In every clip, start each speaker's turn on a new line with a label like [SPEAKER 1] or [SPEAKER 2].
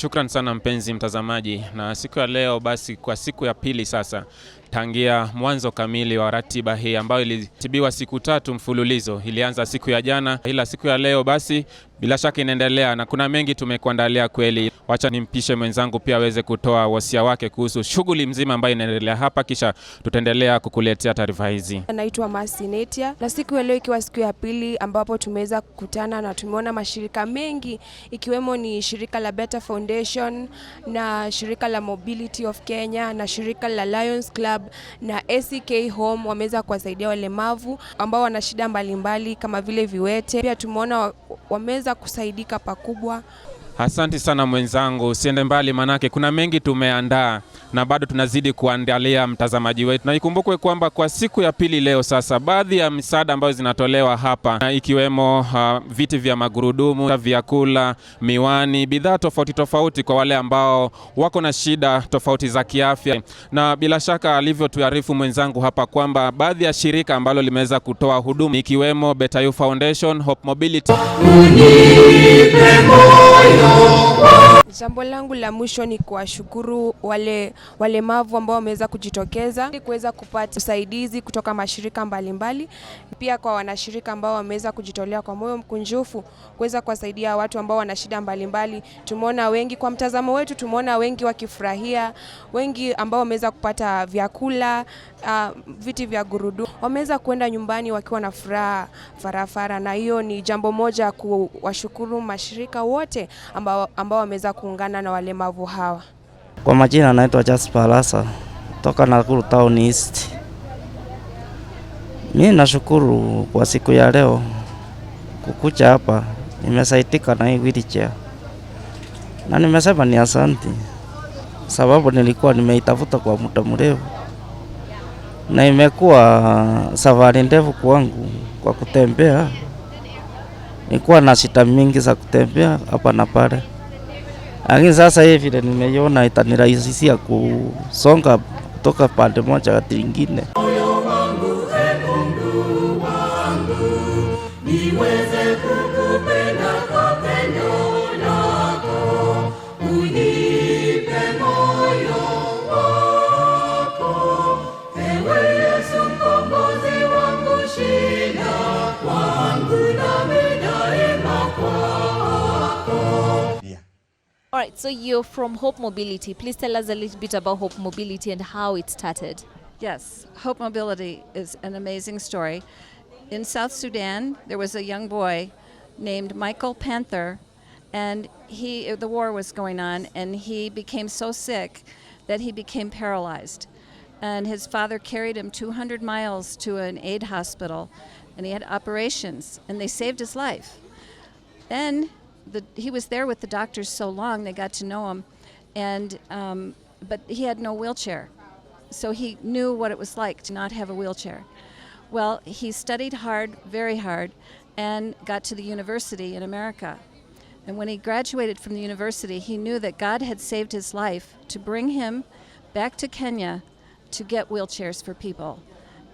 [SPEAKER 1] Shukran sana mpenzi mtazamaji, na siku ya leo basi, kwa siku ya pili sasa tangia mwanzo kamili wa ratiba hii ambayo ilitibiwa siku tatu mfululizo. Ilianza siku ya jana, ila siku ya leo basi bila shaka inaendelea na kuna mengi tumekuandalia kweli. Wacha nimpishe mwenzangu pia aweze kutoa wasia wake kuhusu shughuli mzima ambayo inaendelea hapa, kisha tutaendelea kukuletea taarifa hizi.
[SPEAKER 2] Naitwa Masinetia, na siku ya leo ikiwa siku ya pili ambapo tumeweza kukutana na tumeona mashirika mengi ikiwemo ni shirika la Better Foundation na shirika la Mobility of Kenya na shirika la Lions Club Club na ACK Home wameweza kuwasaidia walemavu ambao wana shida mbalimbali kama vile viwete. Pia tumeona wameweza kusaidika pakubwa.
[SPEAKER 1] Asante sana mwenzangu, usiende mbali, manake kuna mengi tumeandaa na bado tunazidi kuandalia mtazamaji wetu, na ikumbukwe kwamba kwa siku ya pili leo sasa, baadhi ya misaada ambayo zinatolewa hapa na ikiwemo uh, viti vya magurudumu, vyakula, miwani, bidhaa tofauti tofauti kwa wale ambao wako na shida tofauti za kiafya, na bila shaka alivyotuarifu mwenzangu hapa kwamba baadhi ya shirika ambalo limeweza kutoa huduma ikiwemo You Foundation, Hope Mobility
[SPEAKER 2] Senhor. Jambo langu la mwisho ni kuwashukuru wale walemavu ambao wameweza kujitokeza ili kuweza kupata usaidizi kutoka mashirika mbalimbali mbali. Pia kwa wanashirika ambao wameweza kujitolea kwa moyo mkunjufu kuweza kuwasaidia watu ambao wana shida mbalimbali. Tumeona wengi, kwa mtazamo wetu, tumeona wengi wakifurahia, wengi ambao wameweza kupata vyakula, uh, viti vya gurudumu, wameweza kuenda nyumbani wakiwa na furaha farafara, na hiyo ni jambo moja kuwashukuru mashirika wote ambao ambao wameweza kuungana na walemavu hawa.
[SPEAKER 3] Kwa majina anaitwa Jasper Lasa toka Nakuru Town East. Mimi nashukuru kwa siku ya leo kukucha hapa, nimesaitika na hii wheelchair na nimesema ni asanti, sababu nilikuwa nimeitafuta kwa muda mrefu na imekuwa safari ndefu kwangu kwa kutembea. Nilikuwa na shida mingi za kutembea hapa na pale. Lakini sasa hivi vile nimeiona itanirahisishia kusonga kutoka pande moja hadi nyingine.
[SPEAKER 4] So you're from Hope Mobility. Please tell us a little bit about Hope Mobility and how it started.
[SPEAKER 5] Yes, Hope Mobility is an amazing story. In South Sudan, there was a young boy named Michael Panther, and he the war was going on, and he became so sick that he became paralyzed. And his father carried him 200 miles to an aid hospital, and he had operations, and they saved his life. Then the, he was there with the doctors so long they got to know him, and um, but he had no wheelchair, so he knew what it was like to not have a wheelchair. Well, he studied hard, very hard, and got to the university in America. And when he graduated from the university, he knew that God had saved his life to bring him back to Kenya to get wheelchairs for people.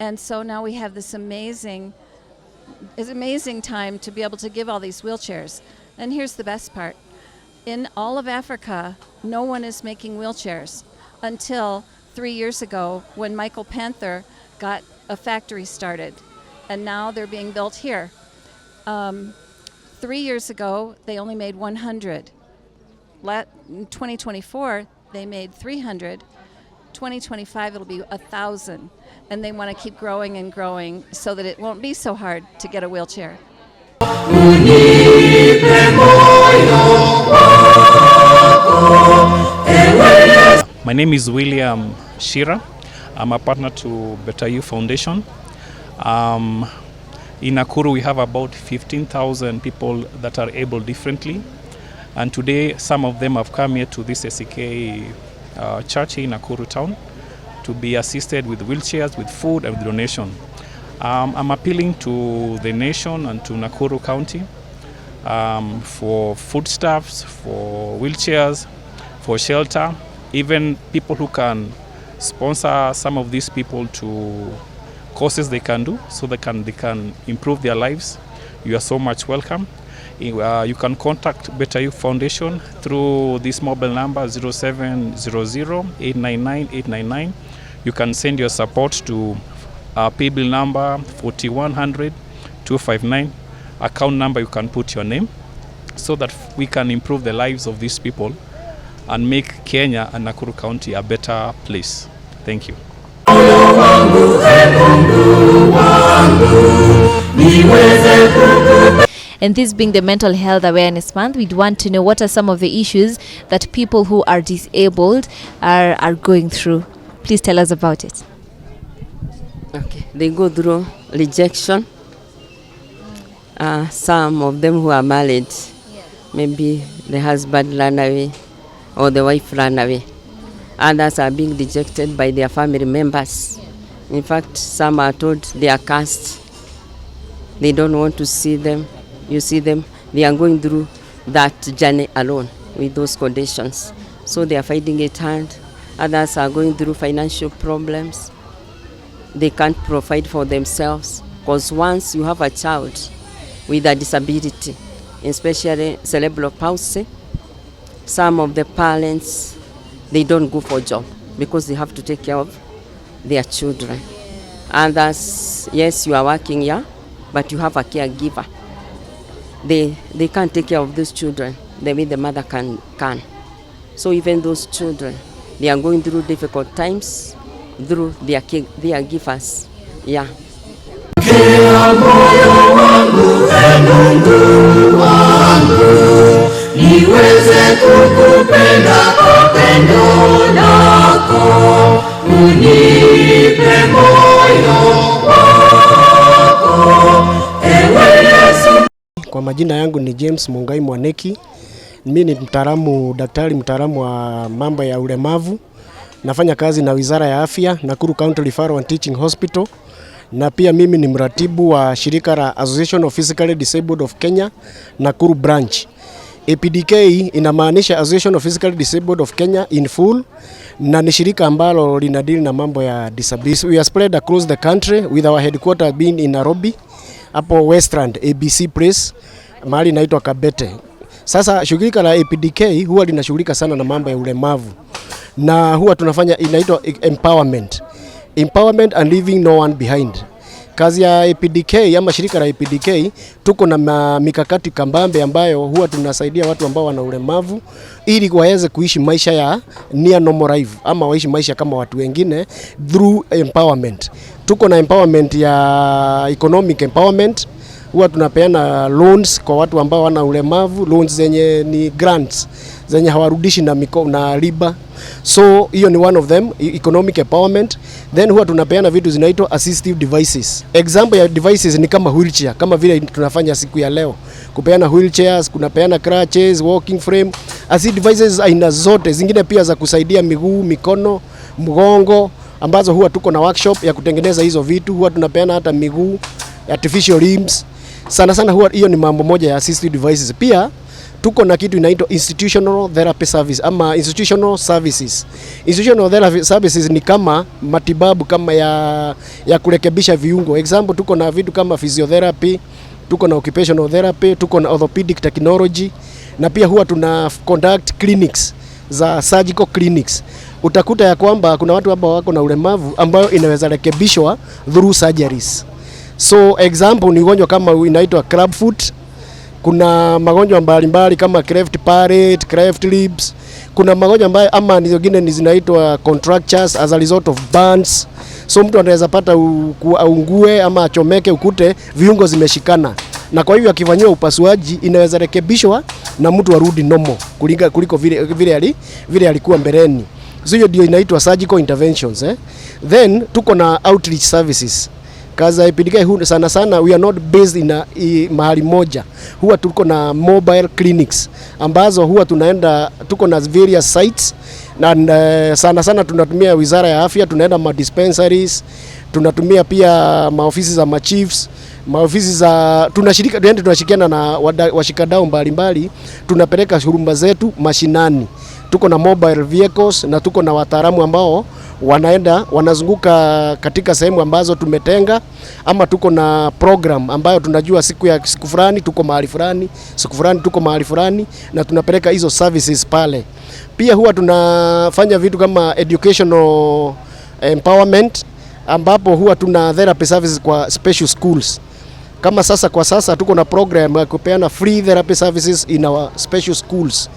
[SPEAKER 5] And so now we have this amazing, this amazing time to be able to give all these wheelchairs. And here's the best part in all of Africa, no one is making wheelchairs until three years ago when Michael Panther got a factory started. And now they're being built here. Um, three years ago, they only made 100. In 2024, they made 300. 2025 it'll be a thousand and they want to keep growing and growing so that it won't be so hard to get a wheelchair
[SPEAKER 6] My name is William Shira. I'm a partner to Better You Foundation. Um, in Nakuru we have about 15,000 people that are able differently. And today some of them have come here to this SEK uh, church in Nakuru town to be assisted with wheelchairs, with food and with donation. Um, I'm appealing to the nation and to Nakuru County um, for foodstuffs, for wheelchairs, for shelter even people who can sponsor some of these people to courses they can do so they can, they can improve their lives. You are so much welcome. Uh, you can contact Better you Foundation through this mobile number 0700 0700899899. You can send your support to uh, paybill number 4100 259. Account number you can put your name so that we can improve the lives of these people and make Kenya and Nakuru County a better place. Thank you. And
[SPEAKER 4] this being the Mental Health Awareness Month, we'd want to know what are some of the issues that people who are disabled are, are going through. Please tell us about it.
[SPEAKER 7] Okay. They go through rejection. Uh, some of them who are married, maybe the husband ran away or the wife ran away. Others are being dejected by their family members. In fact, some are told they are cast. They don't want to see them. You see them, they are going through that journey alone with those conditions. So they are fighting it hard. Others are going through financial problems. They can't provide for themselves because once you have a child with a disability, especially cerebral palsy, Some of the parents they don't go for job because they have to take care of their children. Others, yes, you are working here, but you have a caregiver. They, they can't take care of those children the way the mother can, can. So even those children, they are going through difficult times through their, their givers. Yeah niweze kukupenda kwa
[SPEAKER 8] pendo lako, unipe moyo wako, ewe Yesu. Kwa majina yangu ni James Mungai Mwaneki. Mimi ni mtaalamu daktari mtaalamu wa mambo ya ulemavu. Nafanya kazi na Wizara ya Afya, Nakuru County Referral and Teaching Hospital, na pia mimi ni mratibu wa shirika la Association of Physically Disabled of Kenya Nakuru branch. APDK inamaanisha Association of Physically Disabled of Kenya in full, na ni shirika ambalo linadili na mambo ya disability. We are spread across the country with our headquarters being in Nairobi, hapo Westland ABC Place, mahali inaitwa Kabete. Sasa shirika la APDK huwa linashughulika sana na mambo ya ulemavu na huwa tunafanya inaitwa empowerment. Empowerment and leaving no one behind. Kazi ya APDK ama shirika la APDK tuko na mikakati kambambe ambayo huwa tunasaidia watu ambao wana ulemavu ili waweze kuishi maisha ya near normal life ama waishi maisha kama watu wengine through empowerment. Tuko na empowerment ya economic empowerment huwa tunapeana loans kwa watu ambao wana ulemavu, loans zenye ni grants zenye hawarudishi na, miko, na riba. So hiyo ni one of them, e, economic empowerment. Then huwa tunapeana vitu zinaitwa assistive devices. Example ya devices ni kama wheelchair, kama vile tunafanya siku ya leo kupeana wheelchairs, kunapeana crutches, walking frame, assistive devices aina zote zingine pia za kusaidia miguu, mikono, mgongo ambazo huwa tuko na workshop ya kutengeneza hizo vitu. Huwa tunapeana hata miguu artificial limbs sana sana, huwa hiyo ni mambo moja ya assistive devices pia tuko na kitu inaitwa institutional therapy service ama institutional services. Institutional therapy services ni kama matibabu kama ya, ya kurekebisha viungo. Example, tuko na vitu kama physiotherapy, tuko na occupational therapy, tuko na orthopedic technology na pia huwa tuna conduct clinics za surgical clinics. Utakuta ya kwamba kuna watu hapa wako na ulemavu ambayo inaweza rekebishwa through surgeries. So example ni ugonjwa kama inaitwa club foot kuna magonjwa mbalimbali kama cleft palate, cleft lips. Kuna magonjwa ambayo ama nyingine zinaitwa contractures as a result of burns. So mtu anaweza pata aungue ama achomeke, ukute viungo zimeshikana, na kwa hivyo akifanyiwa upasuaji inaweza rekebishwa na mtu arudi nomo kulinga, kuliko vile, vile, ali, vile alikuwa mbeleni. So hiyo ndio inaitwa surgical interventions eh. Then tuko na outreach services Kazi ya APDK huu sana sana we are not based in a, i, mahali moja. Huwa tuko na mobile clinics ambazo huwa tunaenda tuko na various sites na uh, eh, sana sana tunatumia Wizara ya Afya, tunaenda ma dispensaries, tunatumia pia maofisi za machiefs, maofisi za tunashirika yaani tuende tunashirikiana na washikadau mbalimbali, tunapeleka huruma zetu mashinani. Tuko na mobile vehicles na tuko na wataalamu ambao wanaenda wanazunguka katika sehemu ambazo tumetenga, ama tuko na program ambayo tunajua siku ya siku fulani tuko mahali fulani, siku fulani tuko mahali fulani, na tunapeleka hizo services pale. Pia huwa tunafanya vitu kama educational eh, empowerment, ambapo huwa tuna therapy services kwa special schools kama sasa kwa sasa tuko na program ya kupeana free therapy services in our special schools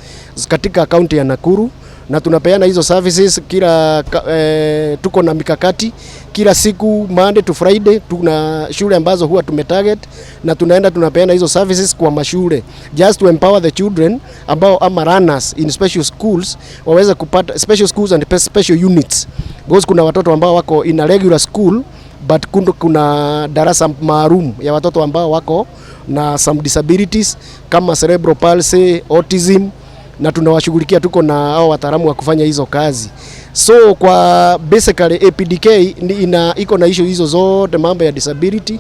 [SPEAKER 8] katika kaunti ya Nakuru na tunapeana hizo services kila e, tuko na mikakati kila siku Monday to Friday. Tuna shule ambazo huwa tumetarget na tunaenda tunapeana hizo services kwa mashule just to empower the children ambao ama runners in special schools waweze kupata special schools and special units, because kuna watoto ambao wako in a regular school but kuna darasa maalum ya watoto ambao wako na some disabilities kama cerebral palsy, autism na tunawashughulikia, tuko na hao wataalamu wa kufanya hizo kazi. So kwa basically APDK ni ina iko na issue hizo zote, mambo ya disability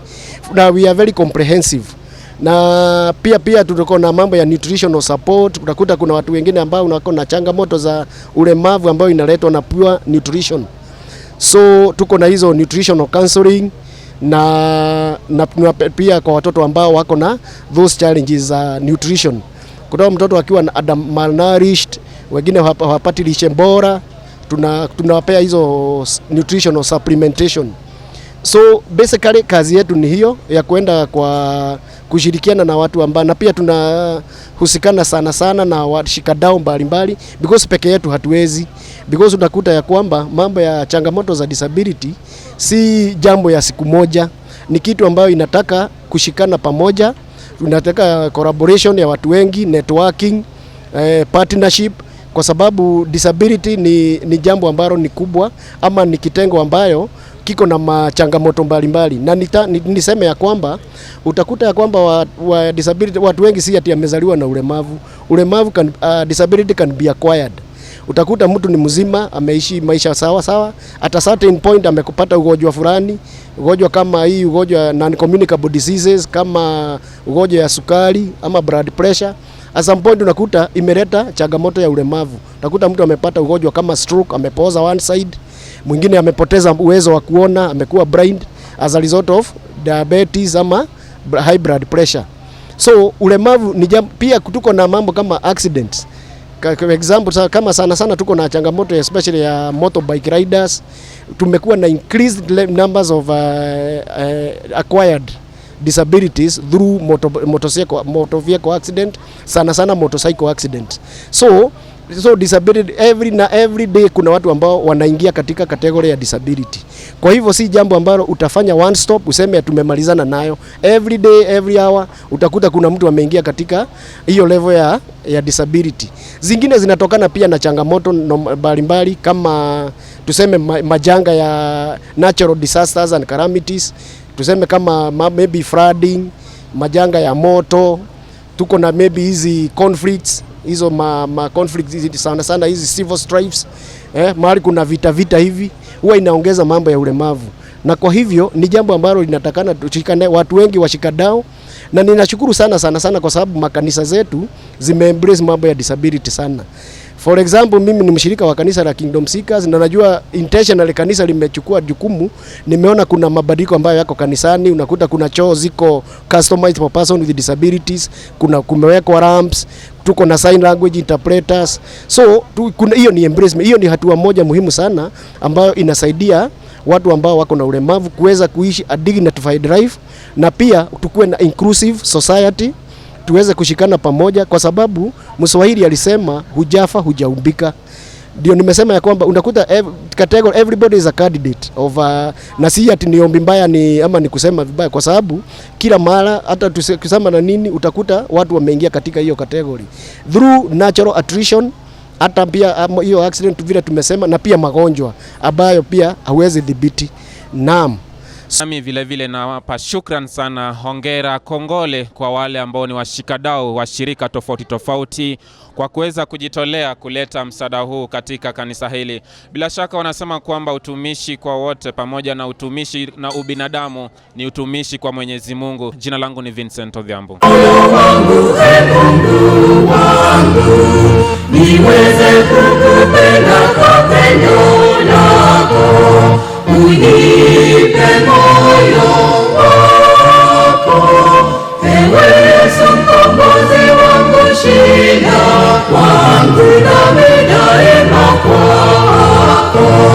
[SPEAKER 8] na we are very comprehensive na pia pia tuko na mambo ya nutritional support. Utakuta kuna watu wengine ambao wako na changamoto za ulemavu ambayo inaletwa na pure nutrition, so tuko na hizo nutritional counseling na, na pia kwa watoto ambao wako na those challenges za uh, nutrition kutoa mtoto akiwa malnourished, wengine hawapati lishe bora, tunawapea tuna hizo nutritional supplementation. So basically kazi yetu ni hiyo ya kuenda kwa kushirikiana na watu ambao, na pia tunahusikana sana sana na washikadau mbalimbali, because peke yetu hatuwezi, because unakuta ya kwamba mambo ya changamoto za disability si jambo ya siku moja, ni kitu ambayo inataka kushikana pamoja tunataka collaboration ya watu wengi, networking, eh, partnership kwa sababu disability ni, ni jambo ambalo ni kubwa ama ni kitengo ambayo kiko na machangamoto mbalimbali na nita, niseme ya kwamba utakuta ya kwamba wa, wa disability, watu wengi si ati amezaliwa na ulemavu. Ulemavu can, uh, disability can be acquired. Utakuta mtu ni mzima, ameishi maisha sawa sawa, at a certain point amekupata ugonjwa fulani, ugonjwa kama hii, ugonjwa non communicable diseases kama ugonjwa ya sukari ama blood pressure at some point unakuta imeleta changamoto ya ulemavu. Utakuta mtu amepata ugonjwa kama stroke, amepoza one side, mwingine amepoteza uwezo wa kuona, amekuwa blind as a result of diabetes ama high blood pressure. So ulemavu ni pia, tuko na mambo kama accidents. Kwa example kama sana sana tuko na changamoto especially ya motorbike riders, tumekuwa na increased numbers of uh, uh, acquired disabilities through motor, motor vehicle accident sana sana motorcycle accident so so disability every na every day kuna watu ambao wanaingia katika kategoria ya disability. Kwa hivyo si jambo ambalo utafanya one stop useme tumemalizana nayo. Every day every hour utakuta kuna mtu ameingia katika hiyo level ya, ya disability. Zingine zinatokana pia na changamoto mbalimbali kama tuseme majanga ya natural disasters and calamities, tuseme kama maybe flooding, majanga ya moto, tuko na maybe hizi conflicts hizo ma, ma conflict hizi sana sana hizi civil strifes eh, mahali kuna vita vita hivi huwa inaongeza mambo ya ulemavu, na kwa hivyo ni jambo ambalo linatakana tushikane, watu wengi washikadao, na ninashukuru sana sana sana kwa sababu makanisa zetu zimeembrace mambo ya disability sana. For example, mimi ni mshirika wa kanisa la Kingdom Seekers na najua intentionally kanisa limechukua jukumu. Nimeona kuna mabadiliko ambayo yako kanisani, unakuta kuna choo ziko customized for person with disabilities, kuna kumewekwa ramps, tuko na sign language interpreters. So hiyo ni embracement, hiyo ni hatua moja muhimu sana ambayo inasaidia watu ambao wako na ulemavu kuweza kuishi a dignified life, na pia tukuwe na inclusive society, tuweze kushikana pamoja, kwa sababu Mswahili alisema hujafa hujaumbika ndio nimesema ya kwamba unakuta ev, category everybody is a candidate of uh, na si ati ni ombi mbaya ni ama ni kusema vibaya, kwa sababu kila mara hata tusema na nini utakuta watu wameingia katika hiyo category through natural attrition hata pia um, hiyo accident vile tumesema, na pia magonjwa ambayo pia hawezi dhibiti. Naam.
[SPEAKER 1] Nami vilevile nawapa shukran sana, hongera, kongole kwa wale ambao ni washikadau wa shirika tofauti tofauti kwa kuweza kujitolea kuleta msaada huu katika kanisa hili. Bila shaka wanasema kwamba utumishi kwa wote pamoja na utumishi na ubinadamu ni utumishi kwa Mwenyezi Mungu. Jina langu ni Vincent Odhiambo. Eh, eh, niweze kukupenda kwa pendo lako unipe moyo wako, ewe mkombozi wangu, shida wangu na daima kwako.